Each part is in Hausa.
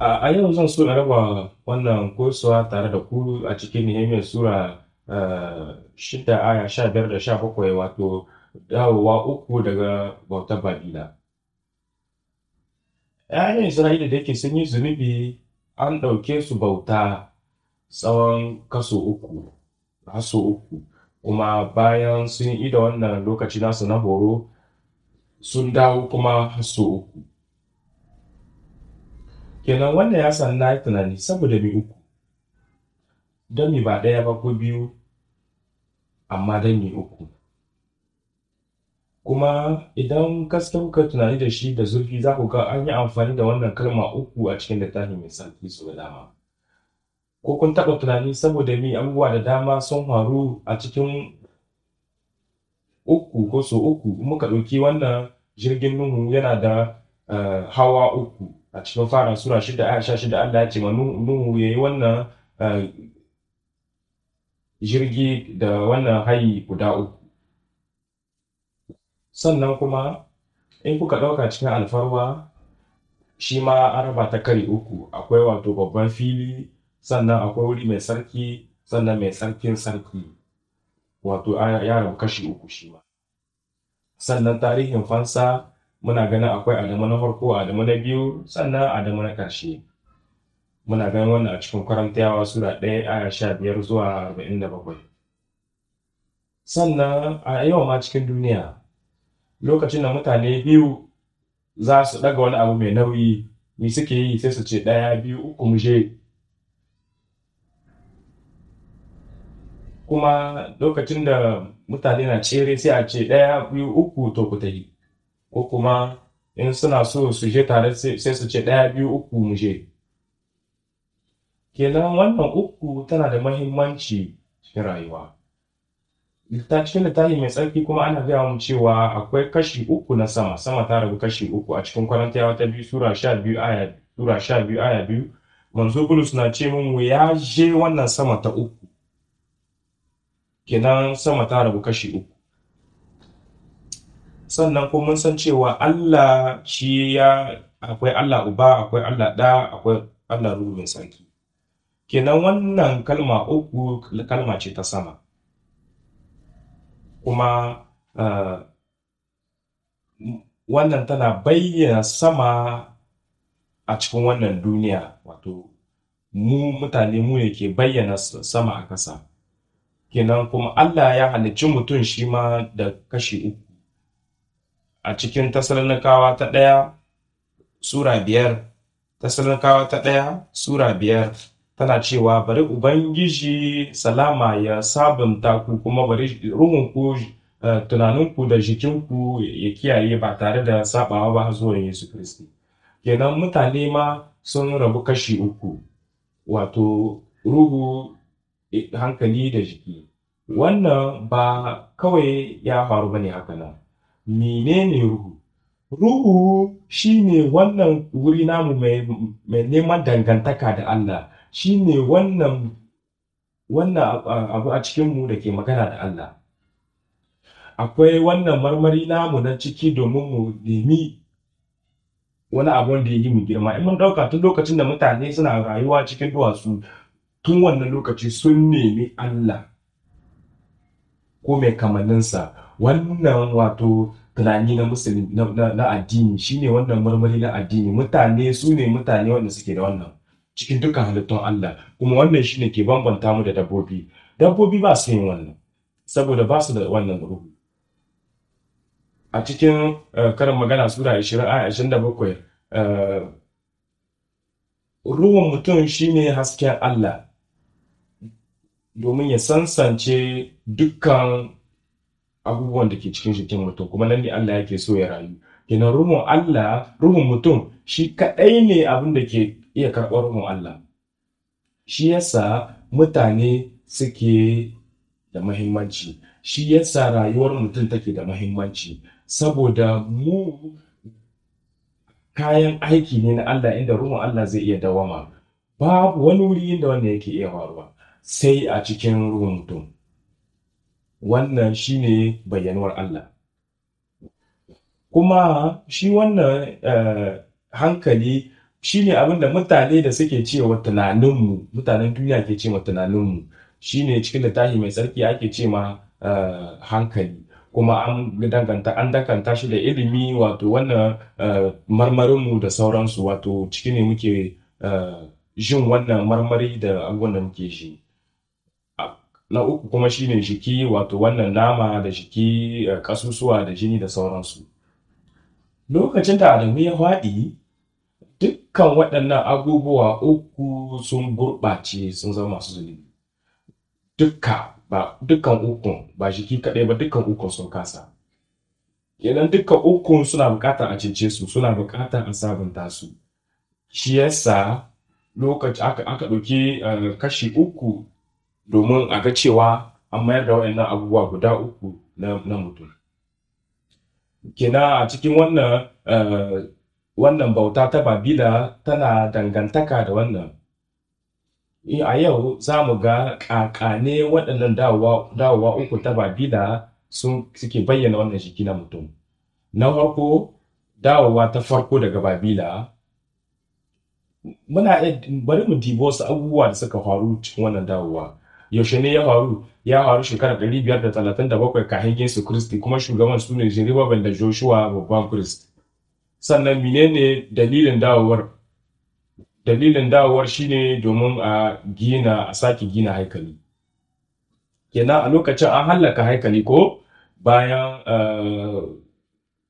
A yau zan so na raba wannan kosuwa tare da ku a cikin Nehemiya Sura shida aya sha biyar da sha bakwai wato dawowa uku daga bautar Babila. ‘Ya'yan Isra'ila da yake sun yi zunubi an ɗauke su bauta tsawon kaso uku, kaso uku, kuma bayan sun yi da wannan lokaci nasu na horo sun dawo kuma kaso uku. kenan wannan ya san na yi tunani saboda mi uku don mi ba ɗaya ba ko biyu amma don mi uku kuma idan kaske kuka tunani da shi da zurfi za ku ga an yi amfani da wannan kalma uku a cikin littafi mai sarki su da dama ko kun taɓa tunani saboda mi abubuwa da dama sun faru a cikin uku ko so uku muka ɗauki wannan jirgin nuhu yana da eh, hawa uku a cikin fara sura shida a sha shida Allah ya ce ma nuhu ya yi wannan eh, jirgi da wannan hayi guda uku sannan kuma in kuka ɗauka cikin alfarwa shi ma an raba ta kari uku akwai wato babban fili sannan akwai wuri mai sarki sannan mai sarkin sarki wato ya rabu kashi uku shi ma sannan tarihin fansa muna ganin akwai adama na farko adama na biyu sannan adama na ƙarshe muna ganin wannan a cikin kwarantayawa sura ɗaya aya sha biyar zuwa arba'in da bakwai sannan a yau ma cikin duniya lokacin da mutane biyu za su ɗaga wani abu mai nauyi ni suke yi sai su ce ɗaya biyu uku mu kuma lokacin da mutane na tsere sai a ce ɗaya biyu uku to ku ta yi ko kuma in suna so su je tare sai su ce ɗaya biyu uku mu je kenan wannan uku tana da mahimmanci cikin rayuwa littacin cikin littafi mai tsarki kuma ana gaya mu cewa akwai kashi uku na sama sama ta rabu kashi uku a cikin kwarantiyawa ta biyu sura sha biyu aya sura sha biyu aya biyu manzo bulus na ce min ya je wannan sama ta uku kenan sama ta rabu kashi uku sannan kuma mun san cewa Allah shi ya akwai Allah uba akwai Allah ɗa akwai Allah ruhu mai sarki kenan wannan kalma uku kalma ce ta sama kuma eh, wannan tana bayyana sama a cikin wannan duniya wato mu mutane mu ne ke bayyana sama a ƙasa kenan kuma Allah ya halicci mutum shi ma da kashi uku a cikin tasalonikawa ta ɗaya sura biyar ta ɗaya sura biyar tana cewa bari ubangiji salama ya sabunta ku kuma bari ruhunku eh, tunaninku da jikinku ya kiyaye ba tare da sabawa ba zuwa yesu kristi kenan mutane ma sun rabu kashi uku wato ruhu eh, hankali da jiki wannan ba kawai ya faru ba ne haka nan menene ruhu ruhu shine wannan wuri namu mai neman dangantaka da Allah shine wannan wannan abu a cikinmu da ke magana da Allah akwai wannan marmari namu na ciki domin mu nemi wani abu wanda ya yi mu girma in mun dauka tun lokacin da mutane suna rayuwa cikin duwatsu tun wannan lokaci sun nemi Allah ko mai kamanninsa wannan wato tunani na musulmi na addini shine wannan marmari na addini mutane su ne mutane wanda suke da wannan cikin dukkan halittun Allah kuma wannan shine ke bambanta mu da dabbobi dabbobi ba su yin wannan saboda ba su da wannan ruhu a cikin eh, karin magana sura 20 27 eh, ruhun mutum shine hasken Allah domin ya sansance dukkan abubuwan da ke cikin jikin mutum kuma nan ne Allah yake so ya rayu kenan ruhun Allah ruhun mutum shi kaɗai ne abin da ke iya karɓar ruhun Allah shi yasa mutane suke da mahimmanci shi yasa rayuwar mutum take da mahimmanci saboda mu kayan aiki ne na Allah inda ruhun Allah zai iya dawama babu wani wuri inda wanda yake iya faruwa sai a cikin ruhun mutum wannan shi ne bayyanuwar Allah kuma shi wannan eh, hankali shi abin da mutane da suke cewa tunaninmu mutanen duniya ke cewa tunaninmu shi ne cikin littafi mai tsarki ake ce ma eh, hankali kuma an danganta shi da ilimi wato wannan eh, marmarinmu da sauransu wato ciki ne muke jin wannan marmari da abubuwan da muke shi na uku kuma shine jiki wato wannan nama da jiki kasusuwa eh, da jini da sauransu lokacin da adamu ya faɗi dukkan waɗannan abubuwa uku sun gurɓace sun zama masu zunubi dukka ba dukkan ukun ba jiki kaɗai ba dukkan ukun sun kasa kenan dukkan uku suna buƙatar a cece su suna buƙatar a sabunta su shi yasa lokaci aka aka ɗauki eh, kashi uku domin a ga cewa an mayar da wayannan abubuwa guda uku na mutum kina a cikin eh, wannan bauta ta babila tana dangantaka da wannan eh, a yau za mu ga kakane waɗannan dawowa uku ta babila sun suke bayyana wannan jiki na mutum na farko dawowa ta farko daga babila muna bari mu dibo wasu abubuwa da suka faru cikin wannan dawowa yaushe ne ya faru ya faru shekarar ɗari biyar da talatin da bakwai kahin yesu kristi kuma shugaban su ne jerubabel da joshua babban kristi sannan menene dalilin dawowar dalilin dawowar shine domin a gina a sake gina haikali kenan a lokacin an hallaka haikali ko bayan eh,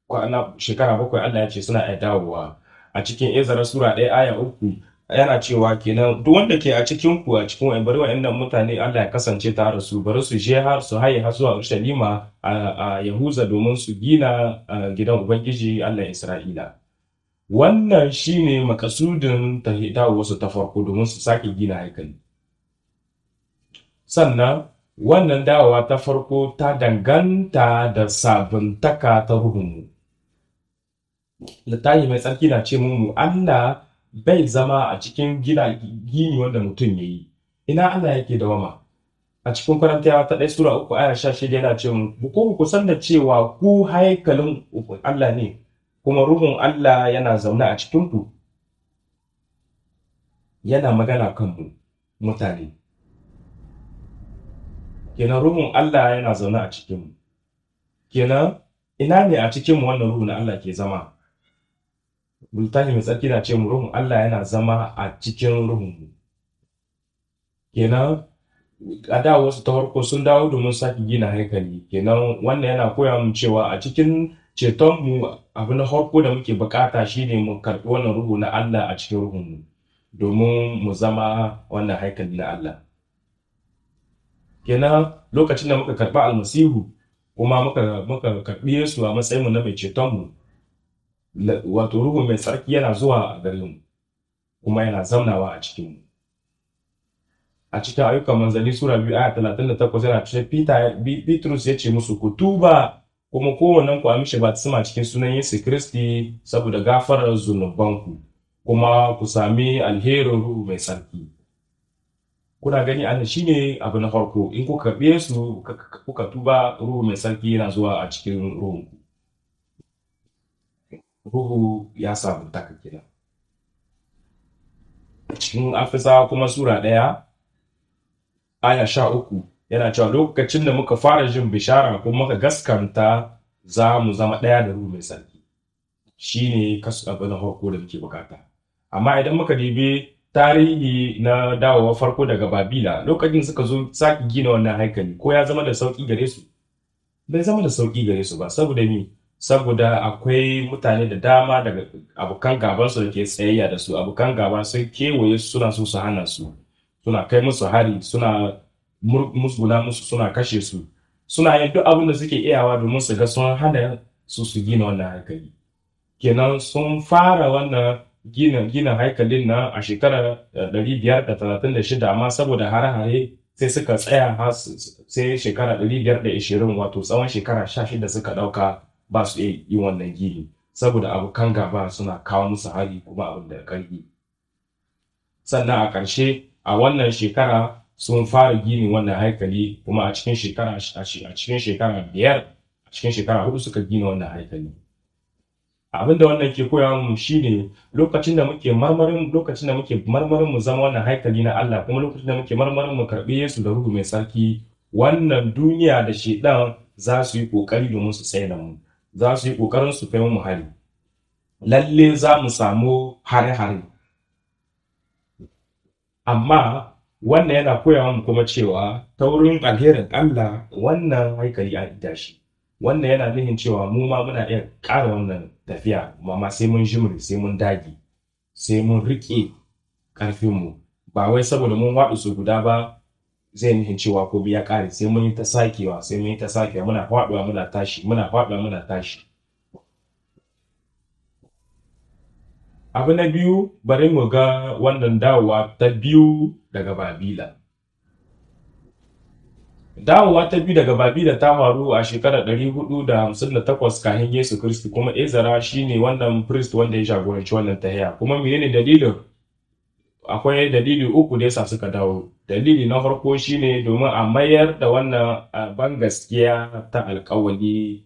kwana shekara bakwai allah ya ce suna iya dawowa a cikin ezra sura ɗaya aya uku yana cewa kenan duk wanda ke a cikin ku a cikin wa'in bari wa'annan mutane Allah ya kasance tare su bari su je har su haye har zuwa Urushalima a Yahuza domin su gina gidan Ubangiji Allah Isra'ila wannan shine makasudin ta wasu ta farko domin su sake gina haikali sannan wannan dawowa ta farko ta danganta da sabuntaka ta ruhunmu littafi mai tsarki na ce mu Allah bai zama a cikin gina gini wanda mutum ya yi ina Allah yake dawama a cikin kwarantayawa ta ɗaya sura uku aya sha shida yana ce ko ku san da cewa ku haikalin Allah ne kuma ruhun Allah yana zaune a cikin ku yana magana kan mu mutane kenan ruhun Allah yana zaune a cikin mu kenan ina ne a cikin mu wannan ruhun Allah ke zama littafi mai tsarki na ce mu ruhun Allah yana zama a cikin ruhun mu. kenan a da wasu ta farko sun dawo domin sake gina haikali kenan wannan yana koya mu cewa a cikin ceton mu abu na farko da muke bukata shine mu karɓi wannan ruhu na Allah a cikin ruhun mu, domin mu zama wannan haikali na Allah kenan lokacin da muka karɓi almasihu kuma muka muka karɓi Yesu a matsayin mu na mai ceton mu wato ruhu mai tsarki yana zuwa a gare mu kuma yana zamnawa a cikin a cikin ayyukan manzanni sura biyu aya talatin da takwas yana cewa Bitrus ya ce musu ku tuba kuma kowane ku a mishi batisma cikin sunan Yesu kristi saboda gafarar zunubanku kuma ku sami alherin ruhu mai tsarki kuna gani shi shine abu na farko in kuka karɓe su kuka tuba ruhu mai tsarki yana zuwa a cikin ruhunku ruhu ya samu taka kenan cikin afisawa kuma sura ɗaya aya sha uku yana cewa lokacin da muka fara jin bishara kuma muka gaskanta za mu zama ɗaya da ruhu mai sarki shine kasu abin da farko da muke bukata amma idan muka dibi tarihi na dawowa farko daga babila lokacin suka zo sake gina wannan haikali ko ya zama da sauki gare su bai zama da sauki gare su ba saboda me saboda akwai mutane da dama daga abokan gaban su da ke tsayayya da su abokan gaba sun kewaye suna so su hana su suna kai musu hari suna musguna musu suna kashe su suna yin duk abin da suke iyawa domin su ga sun hana su su gina wannan haikali kenan sun fara wannan gina gina haikalin nan a shekarar eh, 536 amma saboda hare-hare sai suka tsaya sai shekara 520 wato tsawon shekara 16 suka dauka ba su iya yi wannan gini saboda abokan gaba suna kawo musu hari kuma abin da ƙarfi sannan a ƙarshe a wannan shekara sun fara gini wannan haikali kuma a cikin shekara a cikin shekara biyar a cikin shekara hudu suka gina wannan haikali abin da wannan ke koya mu shine lokacin da muke marmarin lokacin da muke marmarin mu zama wannan haikali na Allah kuma lokacin da muke marmarin mu karbi Yesu da Ruhu mai sarki wannan duniya da shedan za su yi kokari domin su tsaye da mu za su yi ƙoƙarin su kai mu hari lalle za mu samu hare-hare amma wannan yana koya mu kuma cewa ta wurin alherin Allah wannan haikali a ita shi wannan yana nufin cewa mu ma muna iya ƙara wannan tafiya amma sai mun jimri sai mun dage sai mun riƙe ƙarfinmu ba wai saboda mun waɗu su guda ba zai nufin cewa ko ya ƙare sai mun yi ta sakewa sai mun yi ta sakewa muna faɗuwa muna tashi muna faɗuwa muna tashi abu na biyu bari mu ga wannan dawowa ta biyu daga babila dawowa ta biyu daga babila ta faru a shekarar 458 kahin yesu kristi kuma ezara shine wannan priest wanda ya jagoranci wannan tahiya kuma menene dalilin akwai dalili uku da sa suka dawo dalili na farko shine domin a mayar da wannan ban gaskiya ta alkawali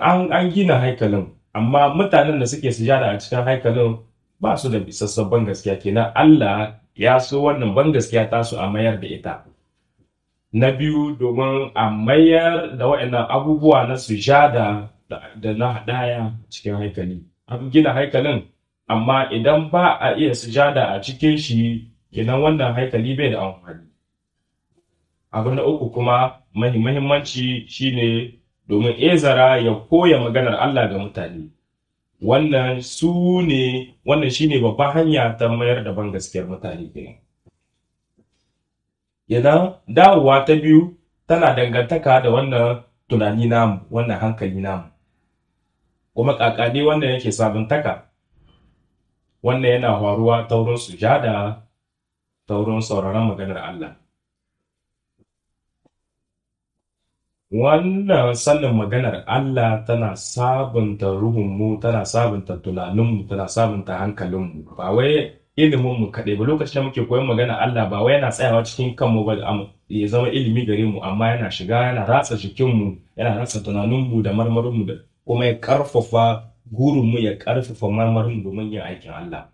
an gina haikalin amma mutanen da suke sujada a cikin haikalin ba su da bisassan ban gaskiya kenan Allah ya so wannan ban gaskiya ta su a mayar da ita na biyu domin a mayar da waɗannan abubuwa na sujada da na hadaya cikin haikali an gina haikalin amma idan ba a iya sujada a cikin shi kenan wannan haikali bai da amfani abu na uku kuma mahi mahimmanci shine domin ezara ya koya maganar Allah ga mutane wannan su ne wannan shine babban hanya ta mayar da ban gaskiyar mutane kenan idan dawowa ta biyu tana dangantaka da wannan tunani namu wannan hankali namu kuma kakade wannan yake sabuntaka wannan yana faruwa ta wurin sujada ta wurin sauraron maganar Allah wannan sanin maganar Allah tana sabunta ruhunmu tana sabunta tunaninmu tana sabunta hankalinmu ba wai iliminmu kaɗai ba lokacin da muke koyon magana Allah ba wai yana tsayawa cikin kanmu ba ya zama ilimi gare mu amma yana shiga yana ratsa jikinmu yana ratsa tunaninmu da marmarinmu da kuma ya karfafa. gurinmu ya ƙarfafa marmarin domin yin aikin Allah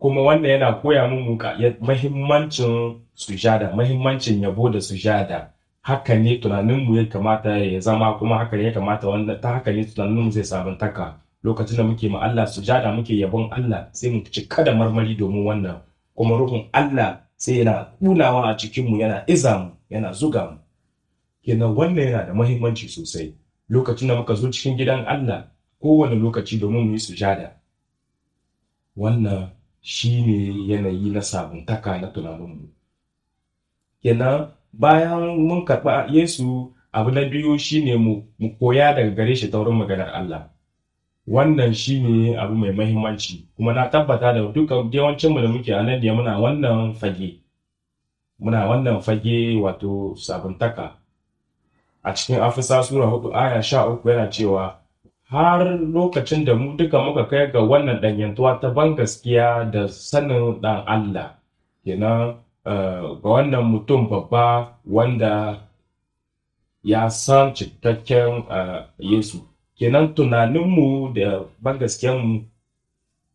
kuma wannan yana koya mu mahimmancin sujada mahimmancin yabo da sujada haka ne tunaninmu ya kamata ya zama kuma haka ya kamata wanda ta haka ne tunaninmu zai sabuntaka lokacin da muke ma Allah sujada muke yabon Allah sai mu ci kada marmari domin wannan kuma ruhun Allah sai yana kunawa a cikinmu yana iza mu yana zuga mu kenan wannan yana da mahimmanci sosai lokacin da muka zo cikin gidan Allah kowane lokaci domin mu yi sujada wannan shi ne yanayi na sabuntaka na tunaninmu kenan bayan mun karɓa Yesu abu na biyu shine mu mu koya daga gare shi taurin maganar Allah wannan shine abu mai mahimmanci kuma na tabbata da duka yawancinmu da muke anan da muna wannan fage muna wannan fage wato sabuntaka a cikin afisa sura hudu aya sha uku yana cewa har lokacin da mu duka muka kai ga wannan danyantuwa ta ban gaskiya da sanin dan Allah kenan eh, ga wannan mutum babba wanda ya san cikakken eh, Yesu kenan tunaninmu da ban mu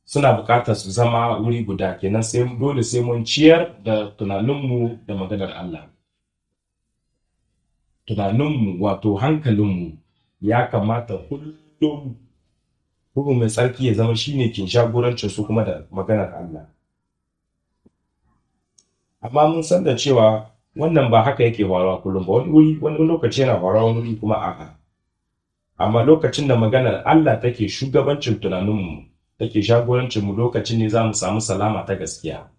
suna bukatar su zama wuri guda kenan sai dole sai mun ciyar da tunaninmu da maganar Allah tunaninmu wato hankalinmu ya kamata kullum ruhu mai tsarki ya zama shine kin jagorancin su kuma da maganar Allah amma mun san da cewa wannan ba haka yake faruwa kullum ba wani lokaci yana faruwa wani wuri kuma a'a amma lokacin da maganar Allah take shugabancin tunaninmu take shagorancin mu lokacin ne za mu samu salama ta gaskiya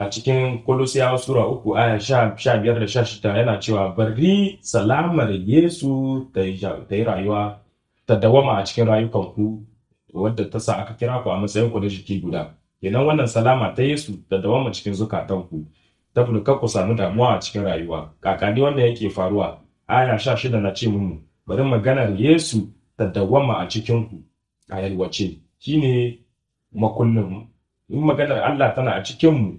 a cikin Kolosiyawa Sura uku aya sha biyar da sha shida yana cewa bari salamar Yesu ta yi rayuwa ta dawama a cikin rayukanku wadda ta sa aka kira ku a matsayin ku na jiki guda. Kenan wannan salama ta Yesu ta dawama cikin zukatanku ta kar ku samu damuwa a cikin rayuwa. Kakani wanda yake faruwa aya sha shida na ce mu bari maganar Yesu ta dawama a cikinku a yalwace shine makullin in maganar Allah tana a cikin mu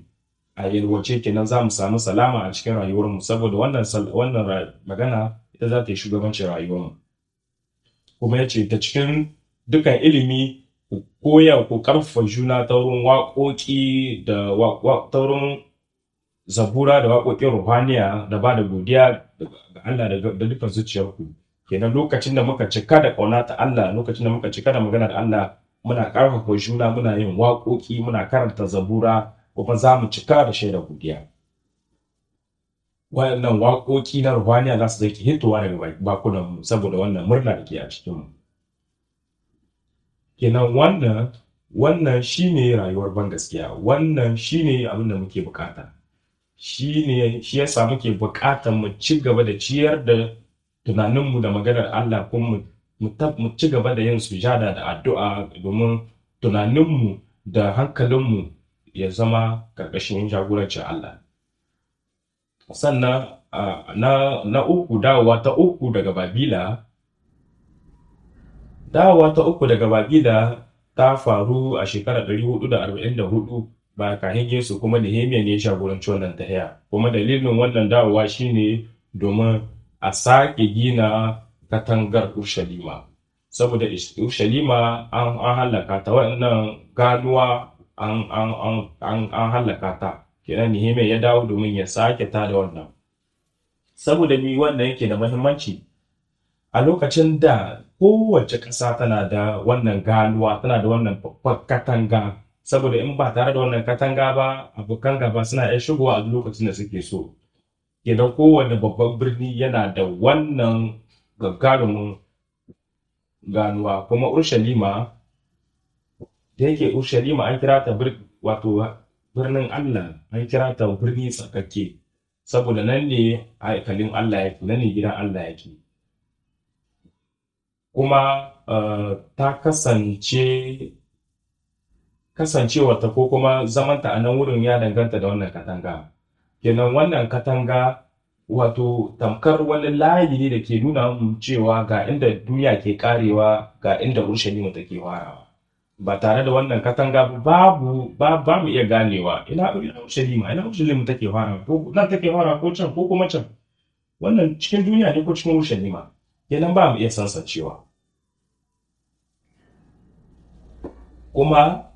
a yalwace kenan za mu samu salama a cikin rayuwarmu saboda wannan wannan magana ita za ta yi shugabancin rayuwarmu kuma ya ce ta cikin dukan ilimi ku koya ku karfafa juna ta wurin waƙoƙi da ta zabura da waƙoƙin ruhaniya da ba da godiya ga Allah da dukkan zuciyarku kenan lokacin da muka cika da ƙauna ta Allah lokacin da muka cika da magana da Allah muna karfafa juna muna yin waƙoƙi muna karanta zabura kuma za mu cika da shaidar godiya waɗannan waƙoƙi na ruhaniya za su zaki hitowa daga bakunan mu saboda wannan murna da ke a cikin mu kenan wannan wannan ne rayuwar ban gaskiya wannan shi ne abin da muke bukata ne shi yasa muke bukatar mu ci gaba da ciyar da tunaninmu da maganar Allah kuma mu ci gaba da yin sujada da addu'a domin tunaninmu da hankalinmu ya zama ƙarƙashin jagorancin Allah sannan na, na uku dawowa ta uku daga babila dawowa ta uku daga babila ta faru a shekarar 444 ba kahin yesu kuma nehemiya ne ya jagoranci wannan tahiya kuma dalilin wannan dawowa shine domin a sake gina katangar urshalima saboda urshalima an halaka ta wannan ganuwa an an an an an hallaka ta kenan nihime ya dawo domin ya sake ta da wannan saboda mi wannan yake da muhimmanci a lokacin da kowace ƙasa tana da wannan ganuwa tana da wannan babbar katanga saboda in ba tare da wannan katanga ba abokan gaba suna iya shigowa a lokacin da suke so kenan kowane babban birni yana da wannan gagarumin ganuwa kuma urshalima da yake Urshalima an kira ta wato birnin Allah an kira ta birni tsakakke saboda nan ne haikalin Allah yake nan ne gidan Allah yake kuma eh, ta kasance kasancewarta ko kuma zamanta a nan wurin ya danganta da wannan katanga kenan wannan katanga wato tamkar wani layi ne da ke nuna mu cewa ga inda duniya ke karewa ga inda urushalima take warawa ba tare da wannan katanga babu ba mu iya ganewa ina Urushalima ina Urushalima take fara ko nan take fara ko can ko kuma can wannan cikin duniya ne ko cikin Urushalima kenan ba mu iya sansancewa kuma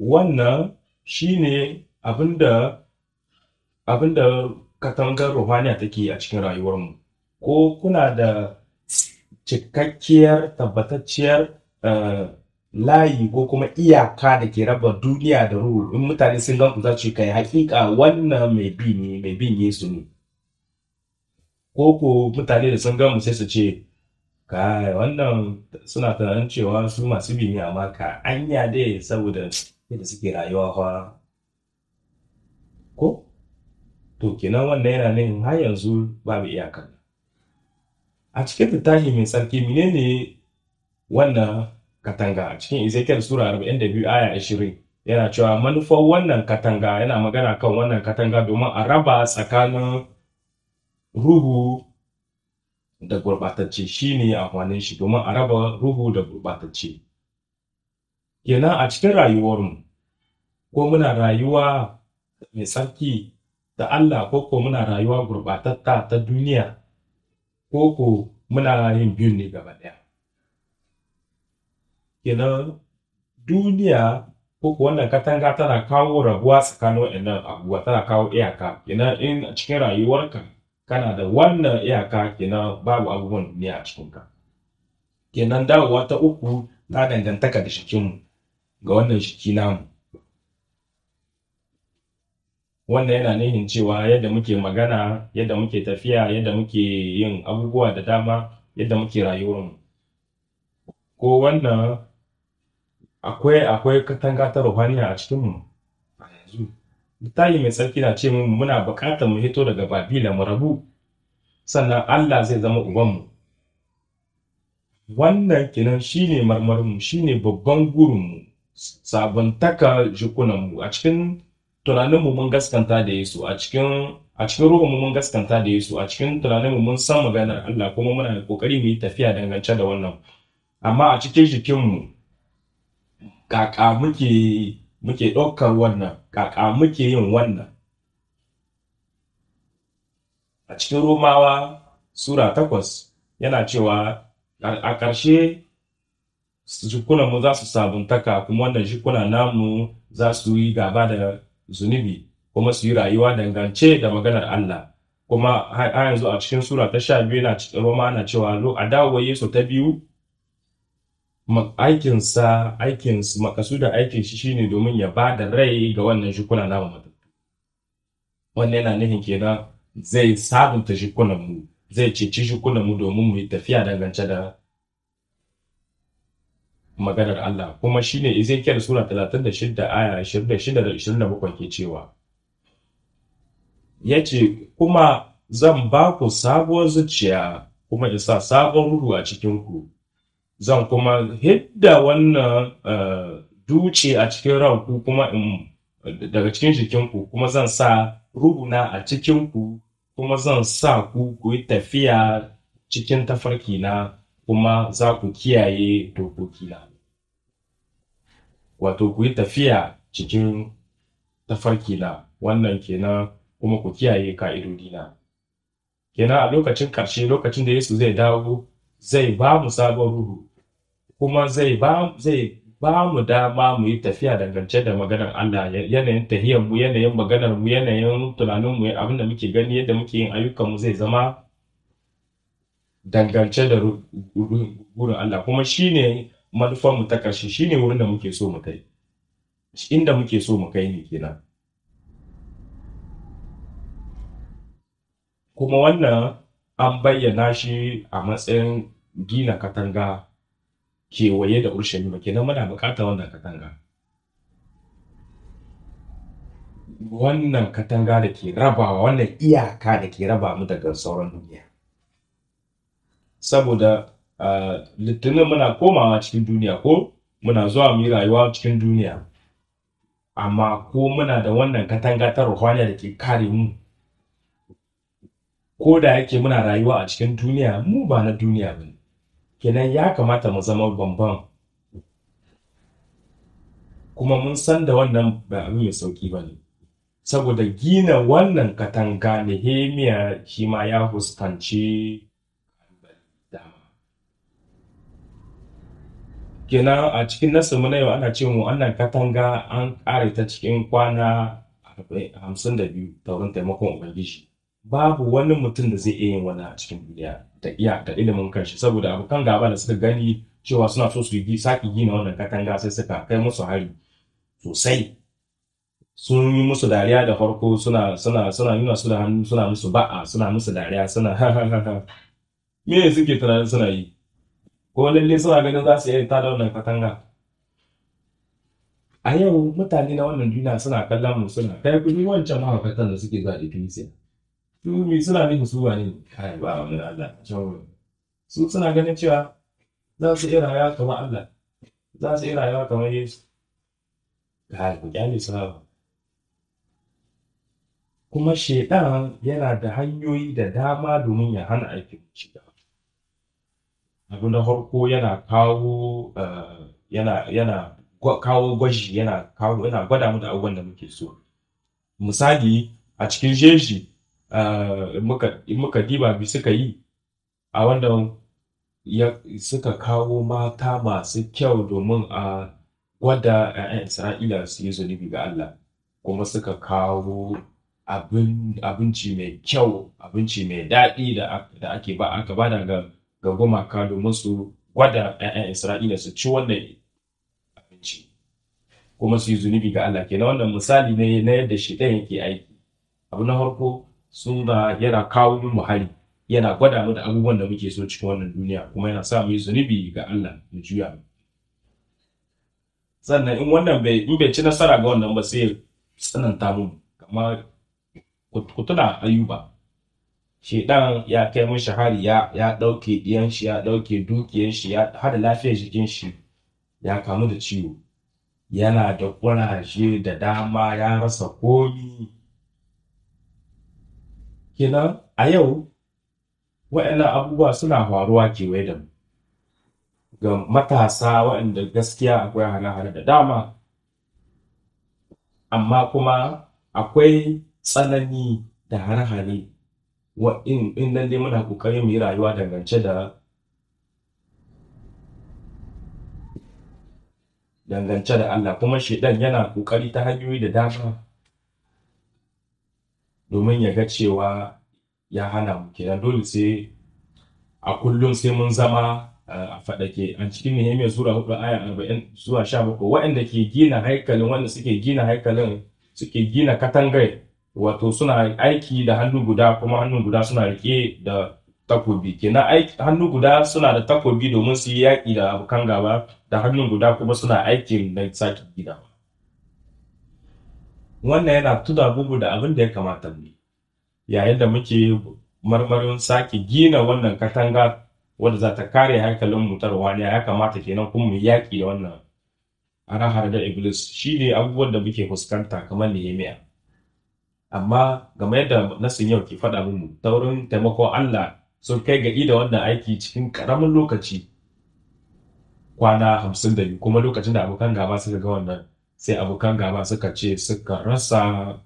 wannan shine abinda abinda katangar ruhaniya take a cikin rayuwarmu ko kuna da cikakkiyar tabbatacciyar eh, layi ko kuma iyaka da ke raba duniya da ruhu in mutane sun gan ku za su kai hakika wannan mai bi ne mai bin Yesu ne ko ko mutane da sun gan mu sai su ce kai wannan suna tunanin cewa su masu bi ne amma ka anya dai saboda yadda suke rayuwa fa ko to kenan wannan yana nan har yanzu babu iyaka a cikin littafi mai tsarki menene wannan katanga cikin Ezekiel sura arba'in 42 aya 20 yana cewa manufar wannan katanga yana magana kan wannan katanga domin a raba tsakanin ruhu da gurɓatacce shine amfanin shi domin a raba ruhu da gurɓatacce kenan a cikin rayuwarmu ko muna rayuwa mai tsarki da Allah ko ko muna rayuwa gurɓatatta ta duniya ko ko muna yin biyun ne gaba ɗaya kenan duniya ko wannan katanga tana kawo rabuwa tsakanin wannan abubuwa tana kawo iyaka kenan in cikin rayuwarka kana da wannan iyaka kenan babu abubuwan duniya a cikinka kenan dawowa ta uku ta dangantaka da mu ga wannan shiki namu wannan yana nihin cewa yadda muke magana yadda muke tafiya yadda muke yin abubuwa da dama yadda muke rayuwarmu ko wannan akwai akwai katanga ta ruhaniya a cikin mu a yanzu littafi mai tsarki na ce mu muna buƙatar mu hito daga babila mu rabu sannan Allah zai zama ubanmu wannan kenan shine marmarinmu shine babban gurinmu sabuntaka jikunanmu a cikin tunaninmu mun gaskanta da Yesu a cikin a cikin ruhunmu mun gaskanta da Yesu a cikin tunaninmu mun san maganar Allah kuma muna kokari mu yi tafiya dangance da wannan amma a cikin mu kaka muke muke ɗaukar wannan kaka muke yin wannan a cikin romawa sura takwas yana cewa a ƙarshe jikunanmu za su sabuntaka kuma wannan jikuna namu za su yi gaba da zunubi kuma su yi rayuwa dangance da maganar Allah kuma har yanzu a cikin sura ta sha biyu na Roma na cewa a dawowa Yesu ta biyu aikinsa aikin da aikin shi shine domin ya ba da rai ga wannan shukuna namu matattu wannan yana nufin kenan zai sabunta shukunan mu zai cece shukunan mu domin mu yi tafiya dangance da maganar Allah kuma shine Ezekiel sura 36 aya 26 da 27 ke cewa yace kuma zan ba ku sabuwar zuciya kuma in sa sabon ruhu a cikin ku zan kuma hidda wannan eh, duce a cikin ranku kuma in daga cikin jikinku kuma zan sa rubuna a cikinku kuma zan sa ku ku yi tafiya cikin tafarkina kuma za ku kiyaye dokokina wato ku yi tafiya cikin tafarkina wannan kenan kuma ku kiyaye ka'idodina kenan a lokacin karshe lokacin da yesu zai dawo zai ba mu sabon ruhu kuma zai ba zai ba mu dama mu yi tafiya dangance da maganar Allah yanayin tahiyar mu yanayin maganar mu yanayin tunanin mu abin da muke gani yadda muke yin ayyukan mu zai zama dangance da gurin Allah kuma shine manufar mu ta karshe shine wurin da muke so mu kai inda muke so mu kai ne kenan kuma wannan an bayyana shi a matsayin gina katanga kewaye da Urushalima kenan muna buƙatar wannan katanga wannan katanga da ke rabawa wannan iyaka da ke raba mu daga sauran duniya saboda litinin muna komawa cikin duniya ko muna zuwa mu yi rayuwa cikin duniya amma ko muna da wannan katanga ta ruhaniya da ke kare mu ko da yake muna rayuwa a cikin duniya mu ba na duniya ba kenan ya kamata mu zama bambam kuma mun san da wannan ba abu mai sauki ba ne saboda gina wannan katanga nehemiya shi ma ya fuskanci kenan a cikin nasu na yau ana ce mu wannan katanga an ƙare ta cikin kwana 52 taurin taimakon ubangiji babu wani mutum da zai iya yin wani a cikin duniya da iya da ilimin kanshi saboda abokan gaba da suka gani cewa suna so su yi saki gina wannan katanga sai suka kai musu hari sosai sun yi musu dariya da farko suna suna suna nuna su da hannu suna musu ba'a suna musu dariya suna me suke tunanin suna yi ko lalle suna ganin za su iya tada wannan katanga a yau mutane na wannan duniya suna kallon mu suna kai kudi wancan mahaifatan da suke zuwa da tunisiya su suna ne su ba ne kayan ba wani Allah can su suna ganin cewa za su iya rayuwa kamar Allah za su iya rayuwa kamar Yesu kai ku kyale su kuma shaidan yana da hanyoyi da dama domin ya hana aikin cika. abu na farko yana kawo eh, yana yana kawo gwaji yana kawo yana gwada mu da abubuwan da muke so misali a cikin jeji Ah, muka diba bi suka yi a wannan suka kawo mata masu kyau domin a gwada 'ya'yan Isra'ila su yi zunubi ga Allah kuma suka kawo abinci mai kyau abinci mai daɗi da ake ba aka bada ga ga gumaka domin su gwada 'ya'yan Isra'ila su ci wannan abinci kuma su yi zunubi ga Allah kenan wannan misali ne na yadda shi yake aiki abu na farko suna yana kawo mu hari yana gwada mu da abubuwan da muke so cikin wannan duniya kuma yana sa mu yi zunubi ga Allah mu juya sannan in wannan bai in bai ci nasara ga wannan ba sai ya tsananta mu Kama ku tuna ayuba shedan ya kai mishi hari ya ya dauke diyan shi ya dauke dukiyan shi ya hada lafiyar jikin shi ya kamu da ciwo yana da kuraje da dama ya rasa komi Kenan a yau waɗannan abubuwa suna faruwa kewaye da mu ga matasa waɗanda gaskiya akwai hana-hana da dama amma kuma akwai tsanani da hana hane in nan dai muna ƙoƙarin mu rayuwa dangance da dangance da Allah kuma shaidan yana ƙoƙari ta hanyoyi da dama domin ya ga cewa ya hana mu kenan dole sai a kullum sai mun zama eh, a faɗake a cikin nehemiya sura 4 aya 40 zuwa 17 waɗanda ke gina haikalin wanda suke gina haikalin suke gina katangai wato suna aiki da hannu guda kuma hannu guda suna rike da takobi kenan aiki hannu guda suna da takobi domin su yi yaƙi da abokan gaba da hannun guda kuma suna aikin na sake gida wannan yana tuna bugu da abin da ya kamata mu yayin da muke marmarin sake gina wannan katanga wadda za ta kare haikalin mu ta ruwaniya ya kamata kenan kuma mu yaƙi da wannan arahar da iblis shi ne abubuwan da muke fuskanta kamar nehemiya amma game da nasin yau ke faɗa mu ta wurin taimakon allah sun kai ga da wannan aiki cikin ƙaramin lokaci kwana hamsin da biyu kuma lokacin da abokan gaba suka ga wannan sai abokan gaba suka ce suka rasa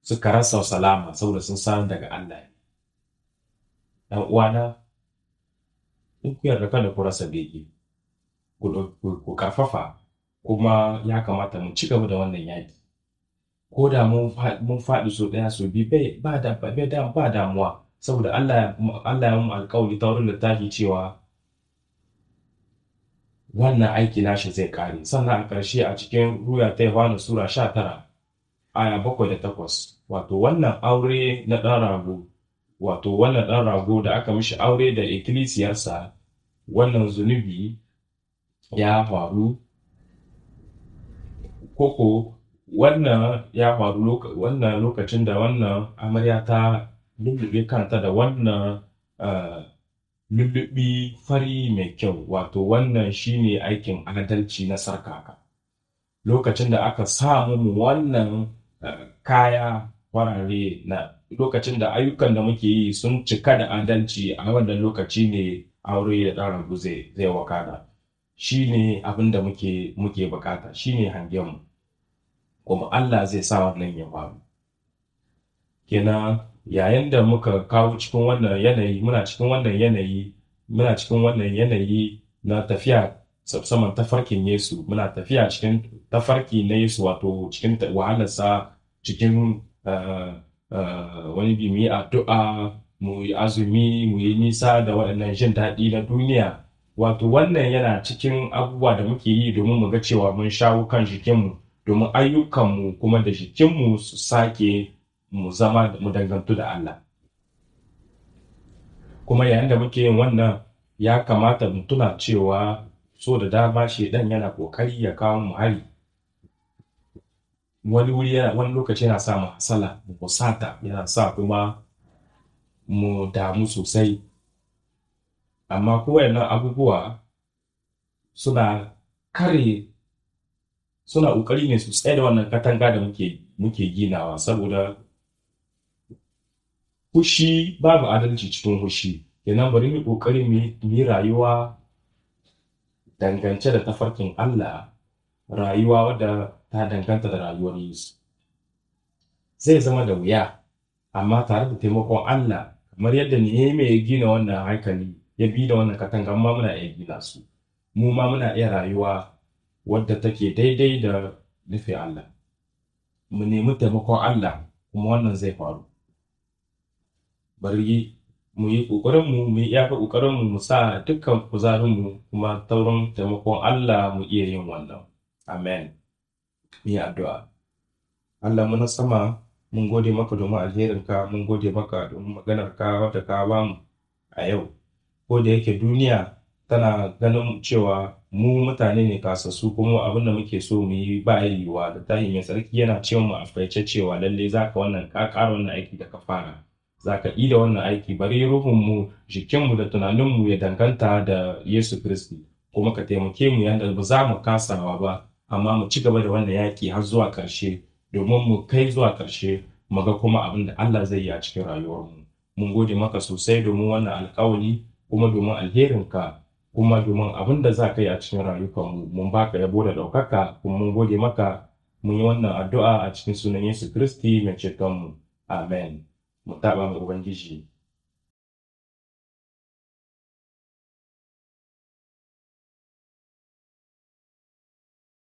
suka rasa salama saboda sun san daga Allah ne dan uwana in ku yarda kada ku rasa bege ku kafafa kuma ya kamata mu ci gaba da wannan yaki ko da mun faɗi so ɗaya so bi bai ba damuwa saboda Allah ya mu alƙawari ta wurin littafi cewa wannan aiki nashi zai ƙare sannan a ƙarshe a cikin ruya ta yohana sura sha tara aya bakwai da takwas wato wannan aure na ɗan rago wato wannan ɗan rago da aka mishi aure da ikkilisiyarsa wannan zunubi ya faru koko wannan ya faru wannan lokacin da wannan amarya ta lullube kanta da wannan eh, lulluɓi fari mai kyau wato wannan shine aikin adalci na sarkaka lokacin da aka samu wannan eh, kaya farare na lokacin da ayyukan da muke yi sun cika da adalci a wannan lokaci ne aure da ɗan guze zai wakana shi ne abin da muke muke bukata shi ne hangenmu kuma Allah zai sa wannan ya faru kenan yayin da muka kawo cikin wannan yanayi muna cikin wannan yanayi muna cikin wannan yanayi na tafiya saman tafarkin Yesu muna tafiya cikin tafarki na Yesu wato cikin wahalarsa cikin ah, ah, wani bi mu yi addu'a mu yi azumi mu yi nisa da waɗannan jin daɗi na duniya wato wannan yana cikin abubuwa da muke yi domin mu ga cewa mun shawo kan jikinmu domin ayyukanmu kuma da jikinmu su sake mu zama mu dangantu da Allah kuma yayin da muke yin wannan ya kamata mu tuna cewa so da dama shedan yana kokari ya kawo mu hari wani wuri wani lokaci yana sa mu hasala mu kusata yana sa kuma mu damu sosai amma kowayannan abubuwa suna kare suna ƙoƙari ne su tsaye da wannan katanga da muke ginawa saboda fushi babu adalci cikin fushi kenan bari mu kokari mu yi rayuwa dangance da tafarkin Allah rayuwa wadda ta danganta da rayuwar Yesu zai zama da wuya amma tare da taimakon Allah kamar yadda ne eh, ya gina wannan haikali ya bi da wannan katanga ma muna iya gina su mu ma muna iya rayuwa wadda take daidai da nufin Allah mu nemi taimakon Allah kuma wannan zai faru bari mu yi ƙoƙarinmu mu yi iyaka ƙoƙarinmu mu sa dukkan kuzarinmu kuma taurin taimakon Allah mu iya yin wannan. Amen. Mu addu'a. Allah mu na sama mun gode maka domin alherinka mun gode maka domin maganar ka wata ka ba mu a yau. Ko da yake duniya tana ganin cewa mu mutane ne kasassu kuma abin da muke so mu yi ba yiwuwa da tahi mai tsarki yana cewa mu a cewa lalle zaka wannan ka ƙara wannan aiki da ka fara. za ka da wannan aiki bari ruhunmu jikinmu da tunaninmu ya danganta da yesu kristi kuma ka taimake mu yadda ba za mu kasawa ba amma mu ci gaba da wannan yaƙi har zuwa ƙarshe domin mu kai zuwa ƙarshe mu ga kuma abin da Allah zai yi a cikin mu. mun gode maka sosai domin wannan alƙawari kuma domin alherinka kuma domin abin da za ka yi a cikin rayukanmu mun baka yabo da ɗaukaka kuma mun gode maka mun yi wannan addu'a a cikin sunan Yesu Kiristi mai cetonmu amen that one will engage you.